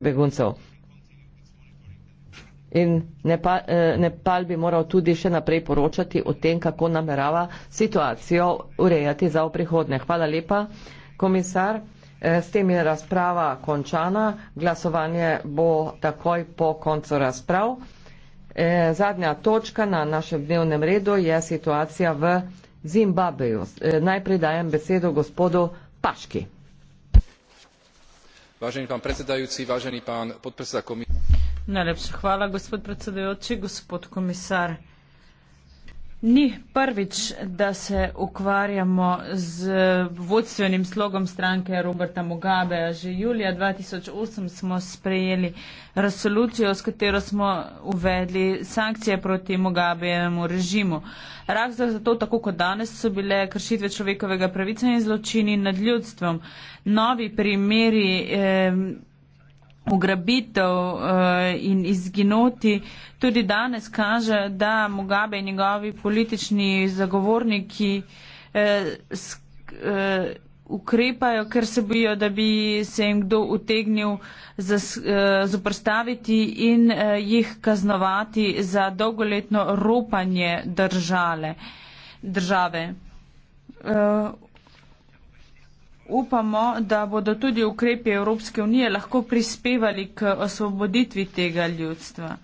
beguncev. In Nepal, eh, Nepal bi moral tudi še naprej poročati o tem, kako namerava situacijo urejati za v prihodnje. Hvala lepa, komisar. Eh, s tem je razprava končana. Glasovanje bo takoj po koncu razprav. Eh, zadnja točka na našem dnevnem redu je situacija v Zimbabveju. Eh, najprej dajem besedo gospodu Paški vážený pán predsedajúci vážený pán podpredseda komisie najlepšie chvála gospod predsedajúci gospod komisár Ni prvič, da se ukvarjamo z vodstvenim slogom stranke Roberta Mugabe. Že julija 2008 smo sprejeli resolucijo, s katero smo uvedli sankcije proti Mugabejemu režimu. Razlog za to, tako kot danes, so bile kršitve človekovega pravica in zločini nad ljudstvom. Novi primeri. Eh, ugrabitev uh, in izginoti. Tudi danes kaže, da Mugabe in njegovi politični zagovorniki uh, sk, uh, ukrepajo, ker se bojijo, da bi se jim kdo utegnil zoprstaviti uh, in uh, jih kaznovati za dolgoletno ropanje držale, države. Uh, upamo, da bodo tudi ukrepi Evropske unije lahko prispevali k osvoboditvi tega ljudstva.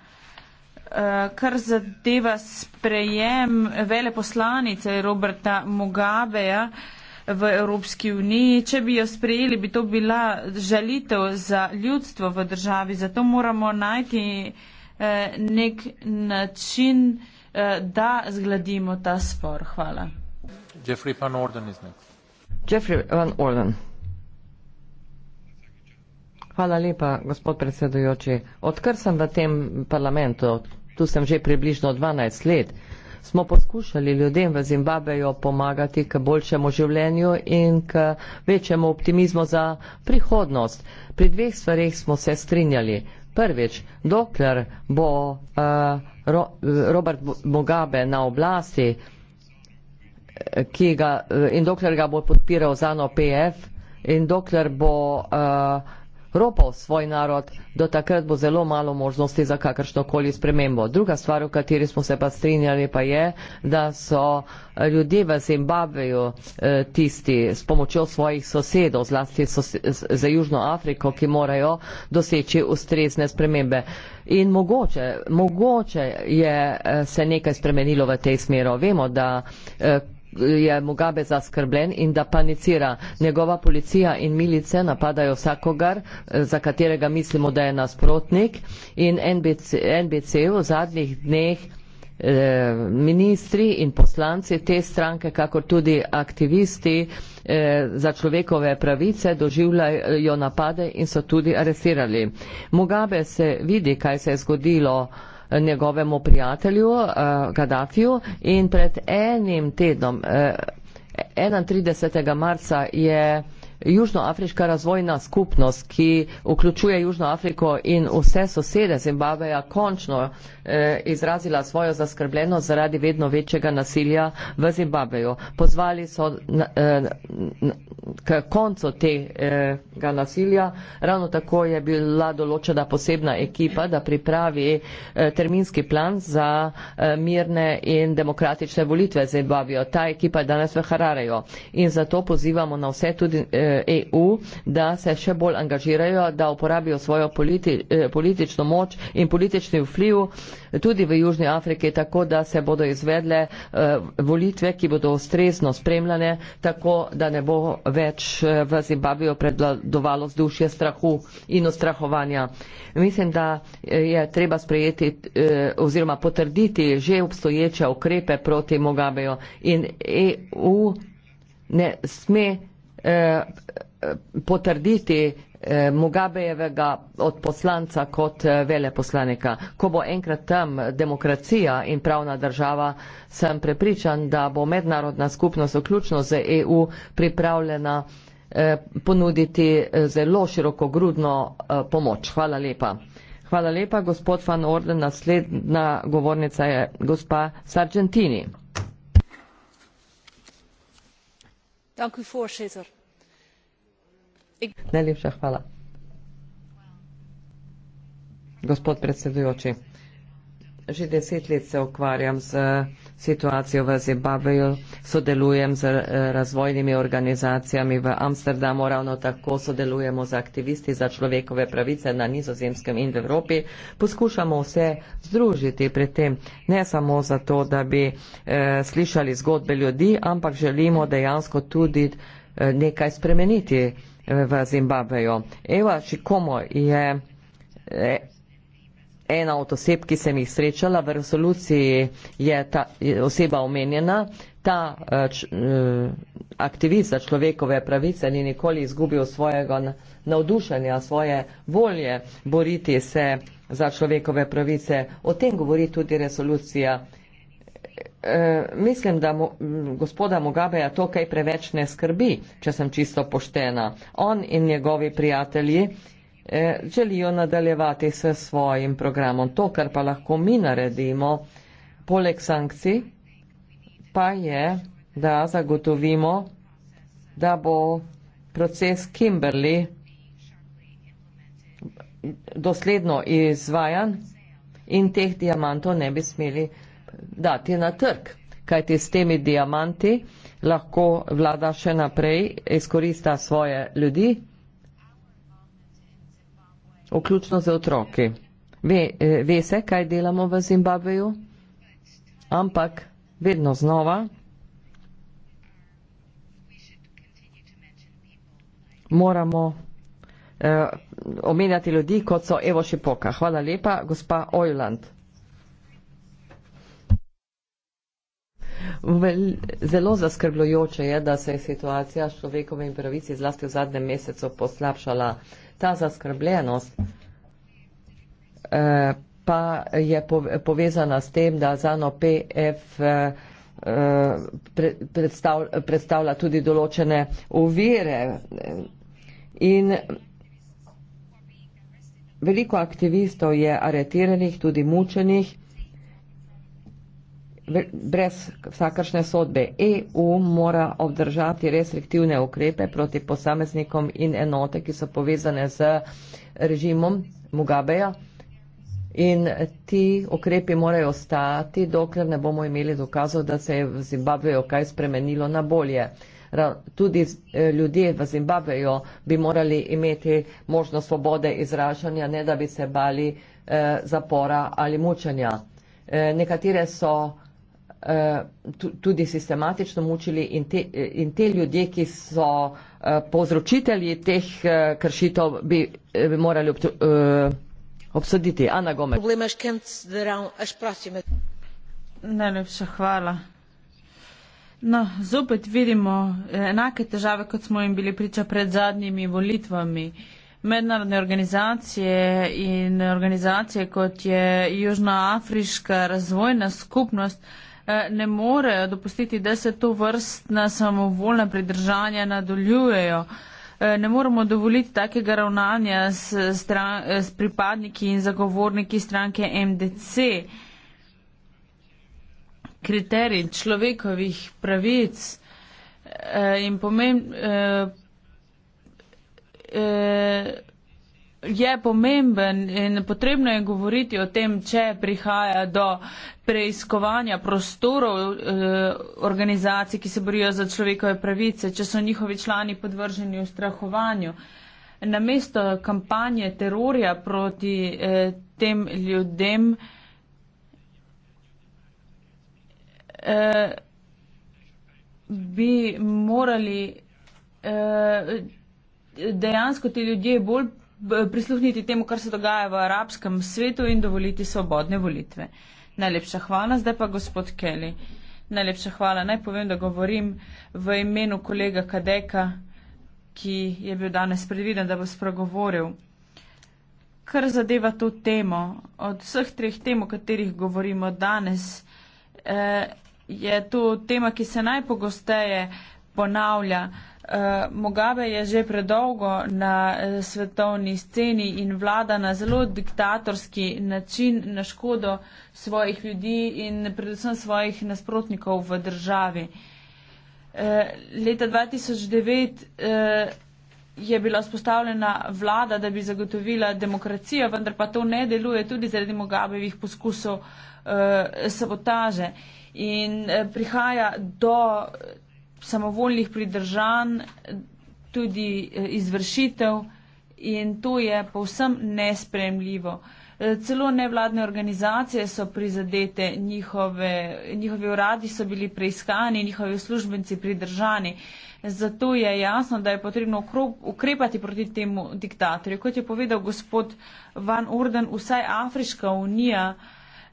Eh, kar zadeva sprejem veleposlanice Roberta Mugabeja v Evropski uniji, če bi jo sprejeli, bi to bila žalitev za ljudstvo v državi. Zato moramo najti eh, nek način, eh, da zgladimo ta spor. Hvala. Jeffrey Van Orden is next. Jeffrey Van Orden. Hvala lepa, gospod predsedujoči. Odkar sem v tem parlamentu, tu sem že približno 12 let, smo poskušali ljudem v Zimbabveju pomagati k boljšemu življenju in k večjemu optimizmu za prihodnost. Pri dveh stvarih smo se strinjali. Prvič, dokler bo uh, Robert Mugabe na oblasti, ki ga in dokler ga bo podpiral Zano PF in dokler bo uh, ropal svoj narod, do takrat bo zelo malo možnosti za kakršnokoli spremembo. Druga stvar, o kateri smo se pa strinjali, pa je, da so ljudje v Zimbabveju uh, tisti s pomočjo svojih sosedov, zlasti sos za Južno Afriko, ki morajo doseči ustrezne spremembe. In mogoče, mogoče je uh, se nekaj spremenilo v tej smeru. Vemo, da uh, je Mugabe zaskrbljen in da panicira. Njegova policija in milice napadajo vsakogar, eh, za katerega mislimo, da je nasprotnik. In NBC, NBC v zadnjih dneh eh, ministri in poslanci te stranke, kako tudi aktivisti eh, za človekove pravice doživljajo napade in so tudi arestirali. Mugabe se vidi, kaj se je zgodilo njegovemu prijatelju uh, Gaddafiju in pred enim tednom, uh, eh, 31. marca je Južnoafriška razvojna skupnost, ki vključuje Južno Afriko in vse sosede Zimbabveja, končno eh, izrazila svojo zaskrbljenost zaradi vedno večjega nasilja v Zimbabveju. Pozvali so na, eh, k koncu tega eh, nasilja. Ravno tako je bila določena posebna ekipa, da pripravi eh, terminski plan za eh, mirne in demokratične volitve Zimbabveja. Ta ekipa je danes v Hararejo in zato pozivamo na vse tudi. Eh, EU, da se še bolj angažirajo, da uporabijo svojo politi, eh, politično moč in politični vpliv tudi v Južni Afriki, tako da se bodo izvedle eh, volitve, ki bodo ustrezno spremljane, tako da ne bo več eh, v Zimbabveju predladovalo vzdušje strahu in ustrahovanja. Mislim, da je treba sprejeti oziroma potrditi že obstoječe ukrepe proti Mugabeju in EU ne sme Eh, potrditi eh, Mugabejevega od poslanca kot eh, veleposlanika. Ko bo enkrat tam demokracija in pravna država, sem prepričan, da bo mednarodna skupnost, vključno z EU, pripravljena ponuditi zelo širokogrudno pomoč. Hvala lepa. Hvala lepa, gospod Van Orden. Naslednja govornica je gospa Sargentini. dank u voorzitter. najlepša hvala. Gospod predsedujoči, že deset let se ukvarjam z situacijo v Zimbabveju, sodelujem z eh, razvojnimi organizacijami v Amsterdamu, ravno tako sodelujemo z aktivisti za človekove pravice na nizozemskem in v Evropi. Poskušamo vse združiti pri tem, ne samo zato, da bi eh, slišali zgodbe ljudi, ampak želimo dejansko tudi eh, nekaj spremeniti eh, v Zimbabveju. Eva Šikomo je. Eh, ena od oseb, ki sem jih srečala, v resoluciji je ta oseba omenjena, ta eh, č, eh, aktivist za človekove pravice ni nikoli izgubil svojega navdušenja, svoje volje boriti se za človekove pravice. O tem govori tudi resolucija. E, mislim, da mo, gospoda Mugabeja to kaj preveč ne skrbi, če sem čisto poštena. On in njegovi prijatelji Eh, želijo nadaljevati s svojim programom. To, kar pa lahko mi naredimo, poleg sankcij, pa je, da zagotovimo, da bo proces Kimberly dosledno izvajan in teh diamantov ne bi smeli dati na trg. Kajti s temi diamanti lahko vlada še naprej izkorista svoje ljudi vključno z otroki. Ve, eh, ve se, kaj delamo v Zimbabveju, ampak vedno znova moramo eh, omenjati ljudi, kot so Evo Šipoka. Hvala lepa, gospa Ojland. Zelo zaskrbljujoče je, da se je situacija s človekovimi pravici zlasti v zadnjem mesecu poslabšala. Ta zaskrbljenost eh, pa je povezana s tem, da ZANO PF eh, predstavlja tudi določene uvire. In veliko aktivistov je areteranih, tudi mučenih brez vsakršne sodbe. EU mora obdržati restriktivne ukrepe proti posameznikom in enote, ki so povezane z režimom Mugabeja. In ti ukrepi morajo ostati, dokler ne bomo imeli dokazov, da se je v Zimbabveju kaj spremenilo na bolje. Tudi eh, ljudje v Zimbabveju bi morali imeti možnost svobode izražanja, ne da bi se bali eh, zapora ali mučenja. Eh, nekatere so Eh, tudi sistematično mučili in te, in te ljudje, ki so eh, povzročitelji teh eh, kršitev, bi, bi morali obsoditi. Ana Gomez. Najlepša hvala. No, zopet vidimo enake težave, kot smo jim bili priča pred zadnjimi volitvami. Mednarodne organizacije in organizacije, kot je Južnoafriška razvojna skupnost, Eh, ne morejo dopustiti, da se to vrstna samovoljna pridržanja nadaljujejo. Eh, ne moremo dovoliti takega ravnanja s, stran, eh, s pripadniki in zagovorniki stranke MDC. Kriterij človekovih pravic in pomen. Eh, eh, je pomemben in potrebno je govoriti o tem, če prihaja do preiskovanja prostorov eh, organizacij, ki se borijo za človekove pravice, če so njihovi člani podvrženi v strahovanju. Namesto kampanje terorja proti eh, tem ljudem, eh, bi morali dejansko ti ljudje bolj prisluhniti temu, kar se dogaja v arabskem svetu in dovoliti svobodne volitve. Najlepša hvala, zdaj pa gospod Kelly. Najlepša hvala. Naj povem, da govorim v imenu kolega Kadeka, ki je bil danes predviden, da bo spregovoril. Kar zadeva to temo, od vseh treh tem, o katerih govorimo danes, eh, je to tema, ki se najpogosteje ponavlja. Eh, Mogabe je že predolgo na eh, svetovni sceni in vlada na zelo diktatorski način na škodo svojih ljudi in predvsem svojih nasprotnikov v državi. Eh, leta 2009 je bila spostavljena vlada, da bi zagotovila demokracijo, vendar pa to ne deluje tudi zaradi Mogabevih poskusov sabotaže. In prihaja do samovoljnih pridržanj, tudi eh, izvršitev in to je povsem nespremljivo. Eh, celo nevladne organizacije so prizadete, njihove, njihovi uradi so bili preiskani, njihovi službenci pridržani. Zato je jasno, da je potrebno ukrepati proti temu diktatorju. Kot je povedal gospod Van Orden, vsaj Afriška unija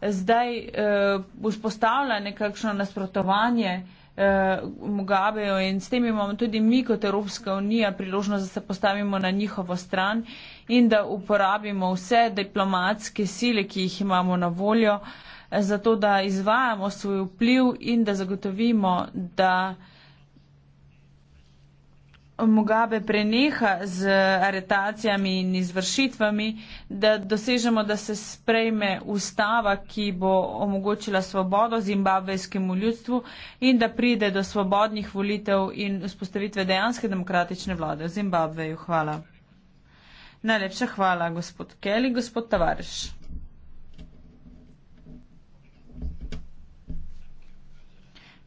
eh, zdaj eh, vzpostavlja nekakšno nasprotovanje eh, eh, Mugabejo in s tem imamo tudi mi kot Evropska unija priložnost, da se postavimo na njihovo stran in da uporabimo vse diplomatske sile, ki jih imamo na voljo, eh, zato da izvajamo svoj vpliv in da zagotovimo, da. Mugabe preneha z aretacijami in izvršitvami, da dosežemo, da se sprejme ustava, ki bo omogočila svobodo zimbabvejskemu ljudstvu in da pride do svobodnih volitev in vzpostavitve dejanske demokratične vlade v Zimbabveju. Hvala. Najlepša hvala, gospod Kelly, gospod Tavares.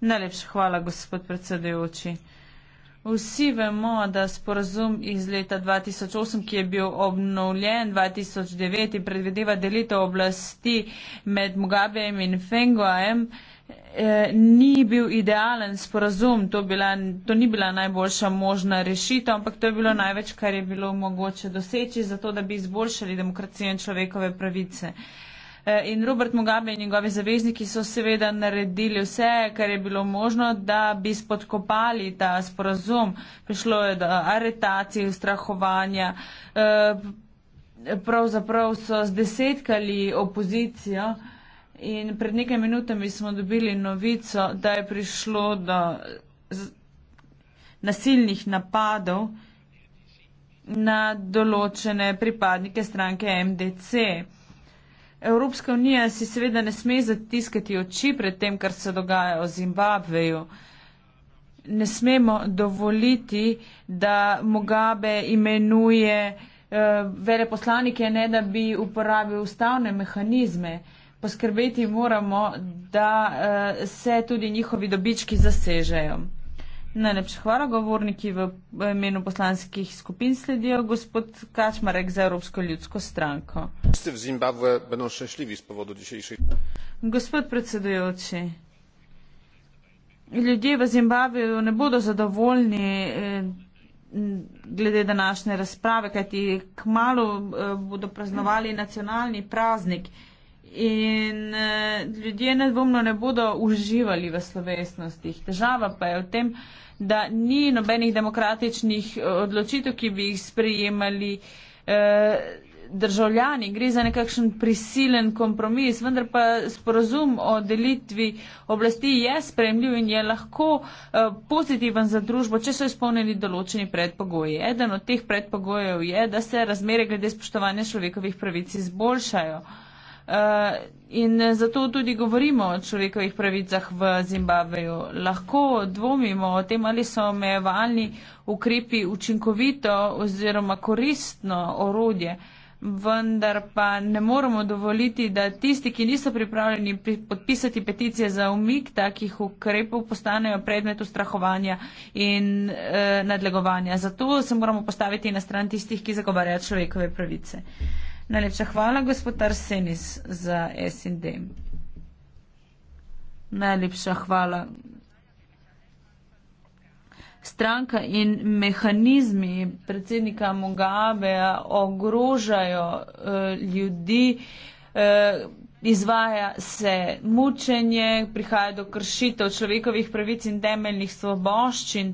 Najlepša hvala, gospod predsedujoči. Vsi vemo, da sporazum iz leta 2008, ki je bil obnovljen 2009 in predvedeva delitev oblasti med Mugabejem in Fengoajem, eh, ni bil idealen sporazum. To, bila, to ni bila najboljša možna rešitev, ampak to je bilo največ, kar je bilo mogoče doseči, zato da bi izboljšali demokracijo in človekove pravice. Eh, Eh, in Robert Mugabe in njegovi zavezniki so seveda naredili vse, kar je bilo možno, da bi spodkopali ta sporazum. Prišlo je do aretacij, ustrahovanja. Eh, pravzaprav so zdesetkali opozicijo in pred nekaj minutami smo dobili novico, da je prišlo do nasilnih napadov na določene pripadnike stranke MDC. Evropska unija si seveda ne sme zatiskati oči pred tem, kar se dogaja v Zimbabveju. Ne smemo dovoliti, da Mugabe imenuje uh, veleposlanike, ne da bi uporabil ustavne mehanizme. Poskrbeti moramo, da uh, se tudi njihovi dobički zasežejo. Najlepša hvala. Govorniki v imenu poslanskih skupin sledijo gospod Kačmarek za Evropsko ljudsko stranko. Ste v Zimbabve bodo šešljivi z povodu dišejših? Gospod predsedujoči, ljudje v Zimbabve ne bodo zadovoljni eh, glede današnje razprave, kajti k malu eh, bodo praznovali nacionalni praznik. In uh, ljudje nedvomno ne bodo uživali v slovesnostih. Težava pa je v tem, da ni nobenih demokratičnih e, odločitev, ki bi jih sprejemali uh, državljani. Gre za nekakšen prisilen kompromis, vendar pa sporozum o delitvi oblasti je spremljiv in je lahko uh, pozitiven za družbo, če so izpolnjeni določeni predpogoji. Eden od teh predpogojev je, da se razmere glede spoštovanja človekovih pravic izboljšajo. Uh, Eh, in zato tudi govorimo o človekovih pravicah v Zimbabveju. Lahko dvomimo o tem, ali so omejevalni ukrepi učinkovito oziroma koristno orodje, vendar pa ne moremo dovoliti, da tisti, ki niso pripravljeni podpisati peticije za umik takih ukrepov, postanejo predmet ustrahovanja in eh, nadlegovanja. Zato se moramo postaviti na stran tistih, ki zagovarjajo človekove pravice. Uh, Najlepša hvala, gospod Arsenis za SND. Najlepša hvala. Stranka in mehanizmi predsednika Mugabeja ogrožajo uh, ljudi, uh, izvaja se mučenje, prihaja do kršitev človekovih pravic in temeljnih svoboščin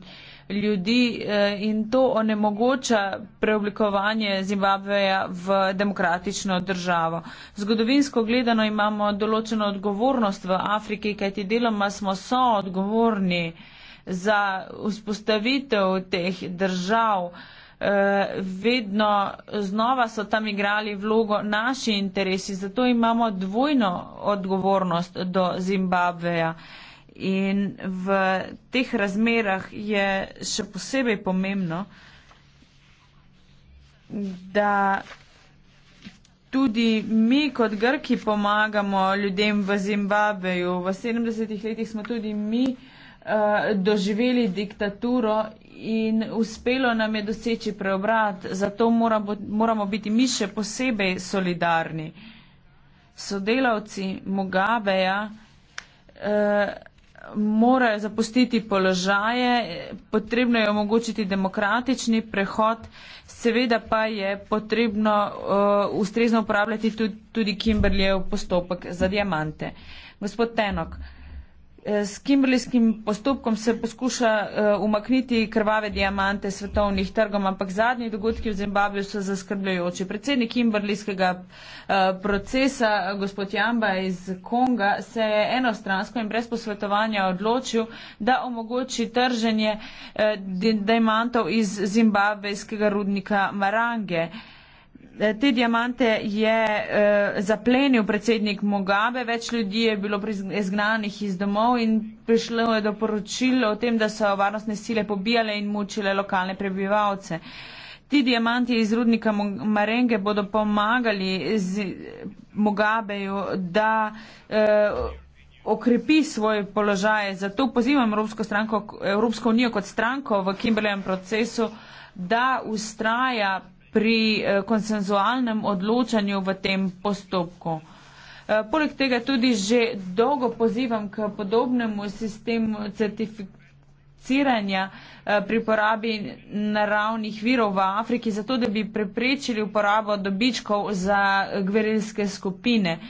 ljudi eh, in to onemogoča preoblikovanje Zimbabveja v demokratično državo. Zgodovinsko gledano imamo določeno odgovornost v Afriki, kajti deloma smo soodgovorni za vzpostavitev teh držav. Eh, vedno znova so tam igrali vlogo naši interesi, zato imamo dvojno odgovornost do Zimbabveja. In v teh razmerah je še posebej pomembno, da tudi mi kot Grki pomagamo ljudem v Zimbabveju. V 70-ih letih smo tudi mi uh, Eh, doživeli diktaturo in uspelo nam je doseči preobrat, zato moramo, moramo biti mi še posebej solidarni. Sodelavci Mugabeja eh, morajo zapustiti položaje, potrebno je omogočiti demokratični prehod, seveda pa je potrebno eh, ustrezno upravljati tudi, tudi Kimberlijev postopek za diamante. Gospod Tenok, eh, S kimberlijskim postopkom se poskuša eh, umakniti krvave diamante svetovnih trgov, ampak zadnji dogodki v Zimbabveju so zaskrbljujoči. Predsednik kimberlijskega eh, procesa, gospod Jamba iz Konga, se je enostransko in brez posvetovanja odločil, da omogoči trženje eh, diamantov iz zimbabvejskega rudnika Marange. Eh, te diamante je eh, zaplenil predsednik Mugabe, več ljudi je bilo izgnanih iz domov in prišlo je do poročila o tem, da so varnostne sile pobijale in mučile lokalne prebivalce. Ti diamanti iz rudnika Marenge bodo pomagali Mugabeju, da eh, okrepi svoje položaje. Zato pozivam Evropsko, stranko, Evropsko unijo kot stranko v Kimberlejem procesu, da ustraja pri eh, konsenzualnem odločanju v tem postopku. Eh, poleg tega tudi že dolgo pozivam k podobnemu sistemu certificiranja eh, pri porabi naravnih virov v Afriki, zato da bi preprečili uporabo dobičkov za gverilske skupine.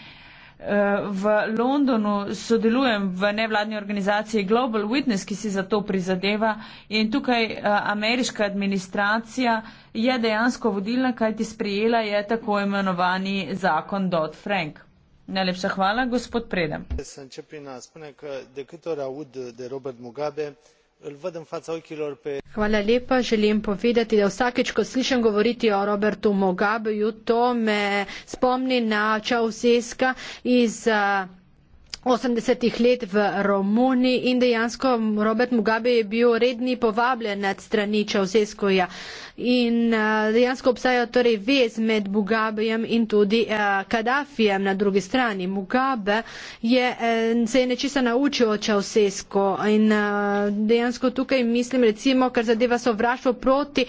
V Londonu sodelujem v nevladni organizaciji Global Witness, ki si za to prizadeva in tukaj eh, ameriška administracija je dejansko vodilna, kaj ti sprijela je tako imenovani zakon Dodd Frank. Najlepša hvala, gospod Predem. Sem čepina, spune, da eh, de Robert Mugabe želim povedati da vsakeč ko slišim govoriti o robertu mugabeju to me spomni na čauseska iz zimbabveja eh, ki je bil 80-ih let v Romuniji in dejansko Robert Mugabe je bil redni povabljen nad strani Čauseskoja. In eh, dejansko obstaja torej vez med Mugabejem in tudi eh, Kadafijem na drugi strani. Mugabe je, eh, se je nečisto naučil od Čausesko in dejansko tukaj mislim recimo, kar zadeva sovraštvo proti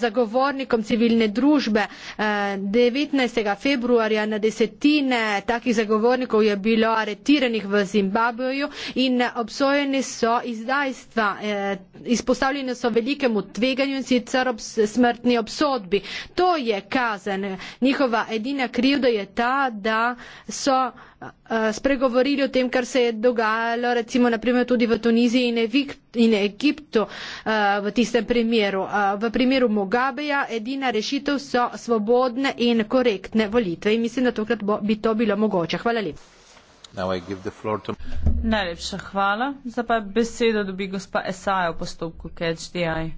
zagovornikom civilne družbe. 19. februarja na desetine takih zagovornikov je bilo aretirano aretiranih v Zimbabveju in obsojeni so izdajstva. Eh, izpostavljeni so velikemu tveganju in sicer ob smrtni obsodbi. To je kazen. Njihova edina krivda je ta, da so eh, spregovorili o tem, kar se je dogajalo recimo naprimer tudi v Tuniziji in, Evikt, in Egiptu eh, v tistem primeru. V primeru Mugabeja edina rešitev so svobodne in korektne volitve in mislim, da tokrat bo, bi to bilo mogoče. Hvala lepa. Najlepša hvala. Zdaj pa besedo dobi gospa Esaja v postopku CatchDI.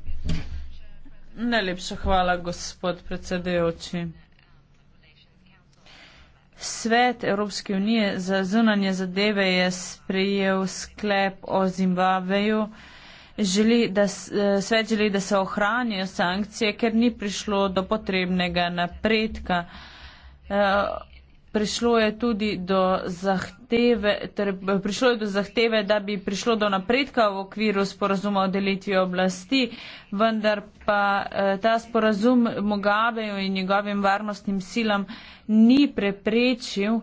Najlepša hvala, gospod predsedujoči. Svet Evropske unije za zunanje zadeve je sprejel sklep o Zimbabveju. Želi, da, eh, svet želi, da se ohranijo sankcije, ker ni prišlo do potrebnega napredka. Eh, prišlo je tudi do zahteve, ter, torej, prišlo je do zahteve, da bi prišlo do napredka v okviru sporazuma o delitvi oblasti, vendar pa eh, ta sporazum Mugabeju in njegovim varnostnim silam ni preprečil,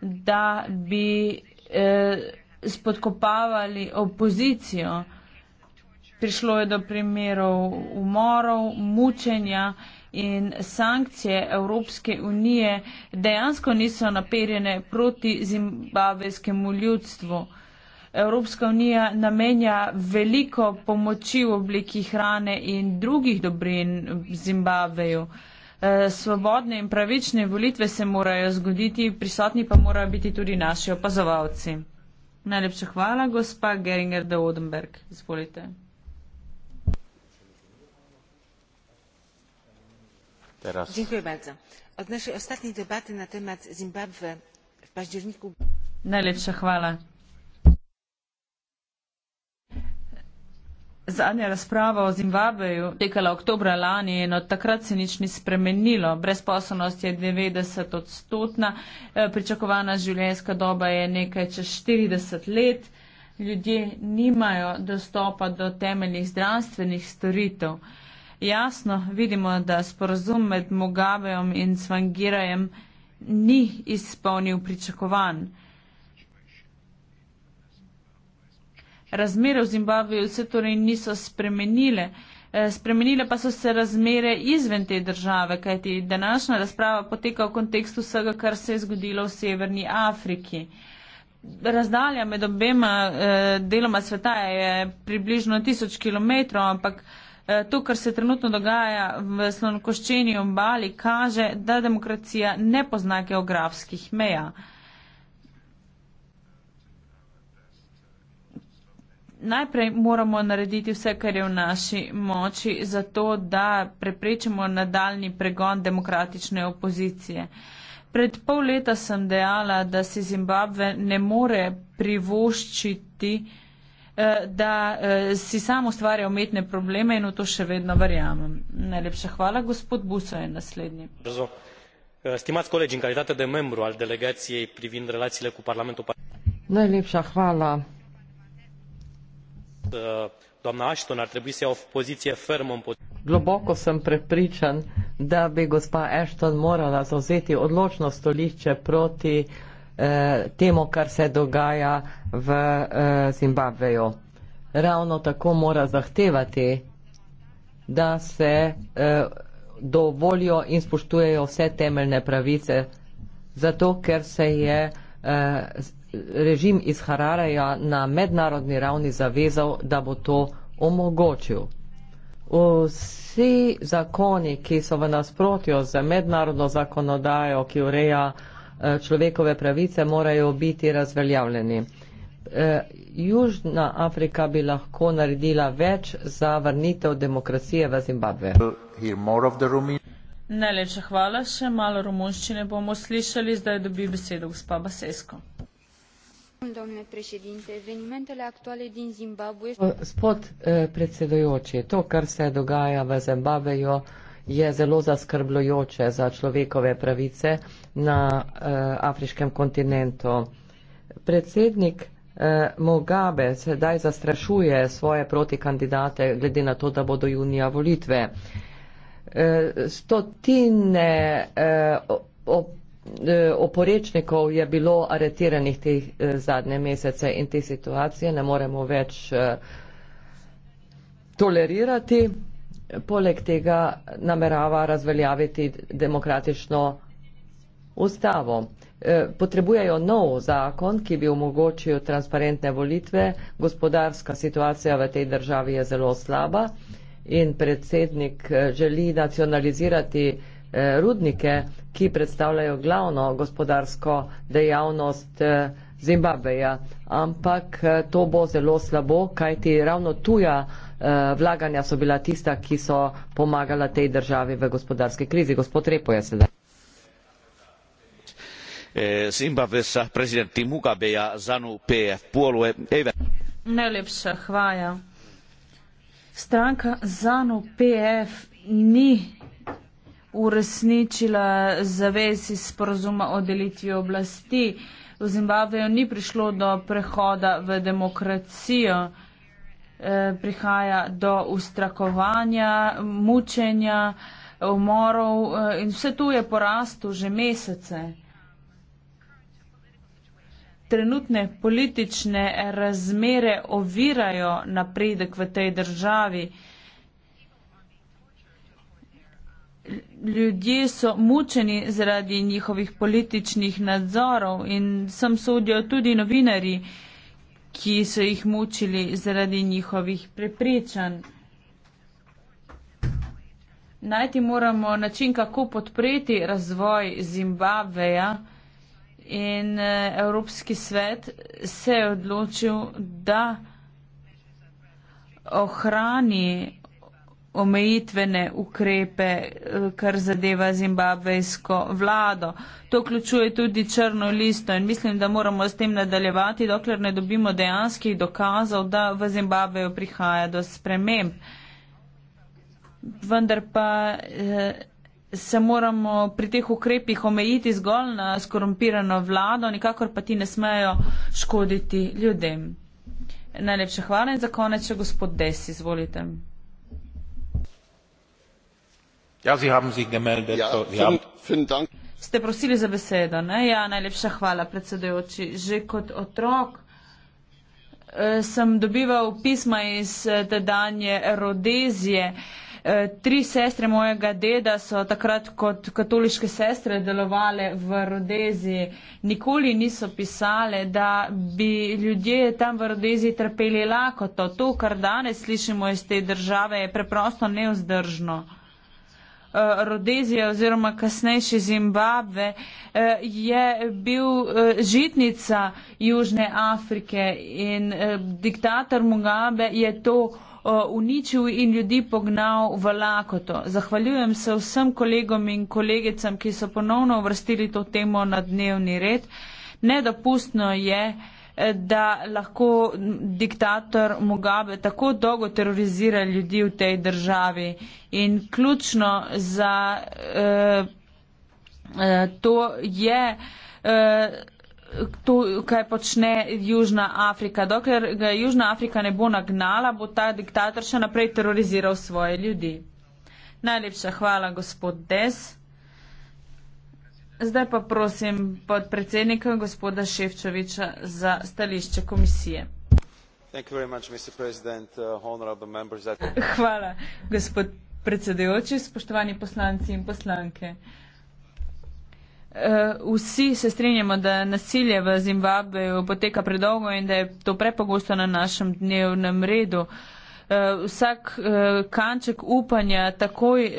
da bi eh, spodkopavali opozicijo prišlo je do primerov umorov, mučenja in sankcije Evropske unije dejansko niso naperjene proti zimbabvijskemu ljudstvu. Evropska unija namenja veliko pomoči v obliki hrane in drugih dobrin Zimbabveju. Eh, svobodne in pravične volitve se morajo zgoditi, prisotni pa morajo biti tudi naši opazovalci. Najlepša hvala, gospa Geringer de Odenberg. Izvolite. od naszej ostatniej debaty na temat zimbabwe w październiku zadnja razprava o Zimbabveju tekala oktobra lani in od takrat se nič ni spremenilo. Brezposobnost je 90 odstotna, e, pričakovana življenjska doba je nekaj čez 40 let, ljudje nimajo dostopa do temeljnih zdravstvenih storitev. Jasno, vidimo, da sporazum med Mugabejem in Svangirajem ni izpolnil pričakovanj. Razmere v Zimbabveju se torej niso spremenile. Eh, spremenile pa so se razmere izven te države, kajti današnja razprava poteka v kontekstu vsega, kar se je zgodilo v Severni Afriki. Razdalja med obema eh, deloma sveta je približno tisoč kilometrov, ampak Eh, to, kar se trenutno dogaja v slonkoščeni obali, kaže, da demokracija ne pozna geografskih meja. Najprej moramo narediti vse, kar je v naši moči, zato da preprečimo nadaljni pregon demokratične opozicije. Pred pol leta sem dejala, da si Zimbabve ne more privoščiti uh, Eh, da eh, si sam ustvarja umetne probleme in v to še vedno verjamem. Najlepša hvala, gospod Buso je naslednji. Brzo. Eh, stimați colegi, în calitate de membru al delegației privind relațiile cu Parlamentul Najlepša hvala. Doamna Ashton ar trebui să ia o poziție fermă în Globoko sem prepričan, da bi gospa Ashton morala zauzeti odločno stolišče proti uh, eh, temu, kar se dogaja v eh, Zimbabveju. Ravno tako mora zahtevati, da se eh, dovolijo in spoštujejo vse temeljne pravice, zato ker se je eh, režim iz Harareja na mednarodni ravni zavezal, da bo to omogočil. Vsi zakoni, ki so v nasprotju z mednarodno zakonodajo, ki ureja eh, Eh, človekove pravice morajo biti razveljavljeni. Eh, Južna Afrika bi lahko naredila več za vrnitev demokracije v Zimbabve. Najlepša hvala, še malo romunščine bomo slišali, zdaj dobi besedo gospa Basesko. Gospod eh, predsedujoči, to, kar se dogaja v Zimbabveju, je zelo zaskrbljujoče za človekove pravice na uh, afriškem kontinentu. Predsednik uh, eh, Mogabe sedaj zastrašuje svoje protikandidate, glede na to, da bodo junija volitve. Uh, stotine uh, op oporečnikov je bilo aretiranih te zadnje mesece in te situacije ne moremo več tolerirati poleg tega namerava razveljaviti demokratično ustavo. E, potrebujejo nov zakon, ki bi omogočil transparentne volitve. Gospodarska situacija v tej državi je zelo slaba in predsednik e, želi nacionalizirati e, rudnike, ki predstavljajo glavno gospodarsko dejavnost Zimbabveja. Ampak eh, to bo zelo slabo, kajti ravno tuja eh, vlaganja so bila tista, ki so pomagala tej državi v gospodarske krizi. Gospod Repo je sedaj. Eh, Zimbabvesa prezidenti Mugabe ja Zanu PF Polue. Najlepša hvala. Stranka Zanu PF ni uresničila zavez iz sporozuma o delitvi oblasti v Zimbabveju ni prišlo do prehoda v demokracijo. Eh, prihaja do ustrakovanja, mučenja, umorov eh, in vse to je porastu že mesece. Trenutne politične razmere ovirajo napredek v tej državi. ljudje so mučeni zaradi njihovih političnih nadzorov in sem sodijo tudi novinari, ki so jih mučili zaradi njihovih prepričanj. Najti moramo način, kako podpreti razvoj Zimbabveja in eh, Evropski svet se je odločil, da ohrani omejitvene ukrepe, eh, kar zadeva zimbabvejsko vlado. To vključuje tudi črno listo in mislim, da moramo s tem nadaljevati, dokler ne dobimo dejanskih dokazov, da v Zimbabveju prihaja do sprememb. Vendar pa eh, se moramo pri teh ukrepih omejiti zgolj na skorumpirano vlado, nikakor pa ti ne smejo škoditi ljudem. Najlepša hvala in za konec, če gospod Des, izvolite. Ja, Sie haben sich gemeldet. Ja, vielen, haben... vielen Dank. Ste prosili za besedo, ne? Ja, najlepša hvala, predsedujoči. Že kot otrok eh, sem dobival pisma iz eh, tedanje Rodezije. Eh, tri sestre mojega deda so takrat kot katoliške sestre delovale v Rodeziji. Nikoli niso pisale, da bi ljudje tam v Rodeziji trpeli lakoto. To, kar danes slišimo iz te države, je preprosto neuzdržno. Eh, Rodezije oziroma kasnejši Zimbabve eh, je bil eh, žitnica Južne Afrike in diktator Mugabe je to uničil in ljudi pognal v lakoto. Zahvaljujem se vsem kolegom in kolegicam, ki so ponovno uvrstili to temo na dnevni red. Nedopustno je, da lahko diktator Mugabe tako dolgo terorizira ljudi v tej državi. In ključno za uh, uh, to je. Uh, To, kaj počne Južna Afrika. Dokler ga Južna Afrika ne bo nagnala, bo ta diktator še naprej teroriziral svoje ljudi. Najlepša hvala, gospod Des. Zdaj pa prosim podpredsednika gospoda Ševčoviča za stališče komisije. Much, uh, that... Hvala, gospod predsedujoči, spoštovani poslanci in poslanke. Uh, vsi se strinjamo, da nasilje v Zimbabveju poteka predolgo in da je to prepogosto na našem dnevnem redu. Uh, vsak uh, kanček upanja takoj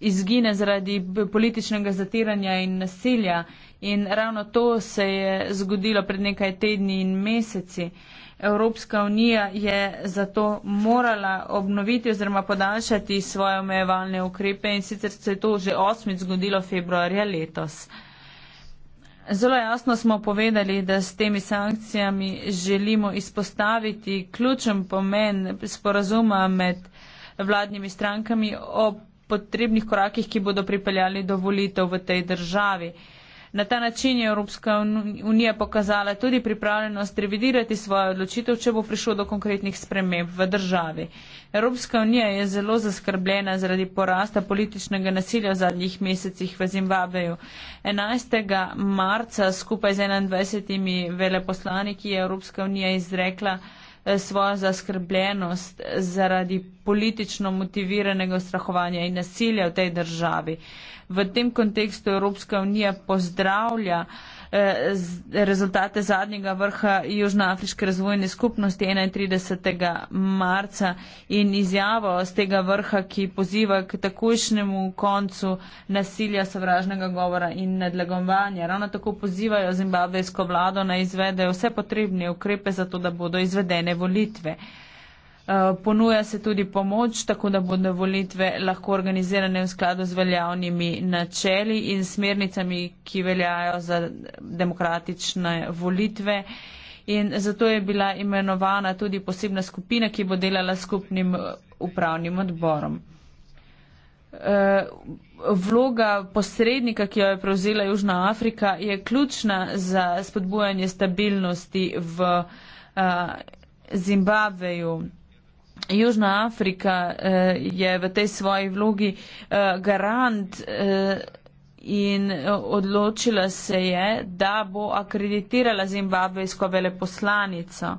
izgine zaradi političnega zatiranja in nasilja. In ravno to se je zgodilo pred nekaj tedni in meseci. Evropska unija je zato morala obnoviti oziroma podaljšati svoje omejevalne ukrepe in sicer se je to že osmit zgodilo februarja letos. Zelo jasno smo povedali, da s temi sankcijami želimo izpostaviti ključen pomen sporazuma med vladnimi strankami o potrebnih korakih, ki bodo pripeljali do volitev v tej državi. Na ta način je Evropska unija pokazala tudi pripravljenost revidirati svojo odločitev, če bo prišlo do konkretnih sprememb v državi. Evropska unija je zelo zaskrbljena zaradi porasta političnega nasilja v zadnjih mesecih v Zimbabveju. 11. marca skupaj z 21 veleposlaniki je Evropska unija izrekla Eh, svojo zaskrbljenost zaradi politično motiviranega strahovanja in nasilja v tej državi. V tem kontekstu Evropska unija pozdravlja uh, Eh, rezultate zadnjega vrha Južnoafriške razvojne skupnosti 31. marca in izjavo z tega vrha, ki poziva k takojšnjemu koncu nasilja, sovražnega govora in nadlegovanja. Ravno tako pozivajo zimbabvejsko vlado na izvede vse potrebne ukrepe za to, da bodo izvedene volitve. Eh, ponuja se tudi pomoč, tako da bodo volitve lahko organizirane v skladu z veljavnimi načeli in smernicami, ki veljajo za demokratične volitve. In zato je bila imenovana tudi posebna skupina, ki bo delala skupnim eh, upravnim odborom. Eh, vloga posrednika, ki jo je prevzela Južna Afrika, je ključna za spodbujanje stabilnosti v Zimbabveju. Južna Afrika eh, je v tej svoji vlogi eh, garant eh, in odločila se je, da bo akreditirala zimbabvejsko veleposlanico.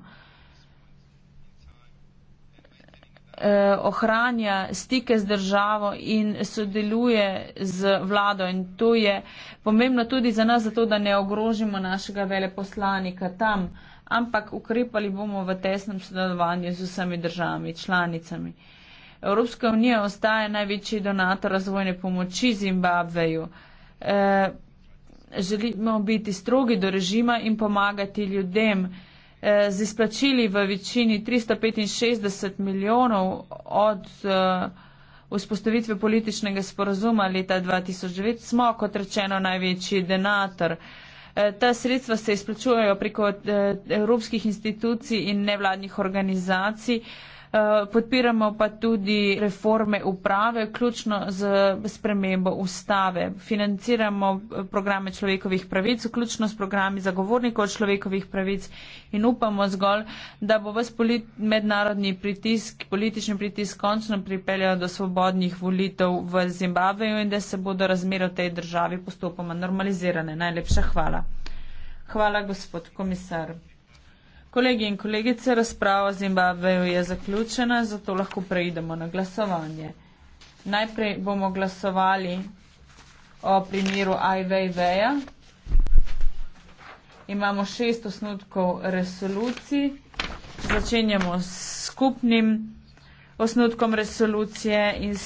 ohranja stike z državo in sodeluje z vlado. In to je pomembno tudi za nas, zato da ne ogrožimo našega veleposlanika tam ampak ukrepali bomo v tesnem sodelovanju z vsemi državami, članicami. Evropska unija ostaje največji donator razvojne pomoči Zimbabveju. E, želimo biti strogi do režima in pomagati ljudem. E, z izplačili v večini 365 milijonov od e, vzpostavitve političnega sporazuma leta 2009 smo, kot rečeno, največji donator. E, Eh, ta sredstva se izplačujejo preko eh, evropskih institucij in nevladnih organizacij. Eh, podpiramo pa tudi reforme uprave, ključno z spremembo ustave. Financiramo eh, programe človekovih pravic, ključno s programi zagovornikov človekovih pravic in upamo zgolj, da bo vas mednarodni pritisk, politični pritisk končno pripeljal do svobodnih volitev v Zimbabveju in da se bodo razmere v tej državi postopoma normalizirane. Najlepša hvala. Hvala, gospod komisar. Kolegi in kolegice, razprava o Zimbabveju je zaključena, zato lahko preidemo na glasovanje. Najprej bomo glasovali o primeru IVV-ja. Imamo šest osnutkov resolucij. Začenjamo s skupnim osnutkom resolucije in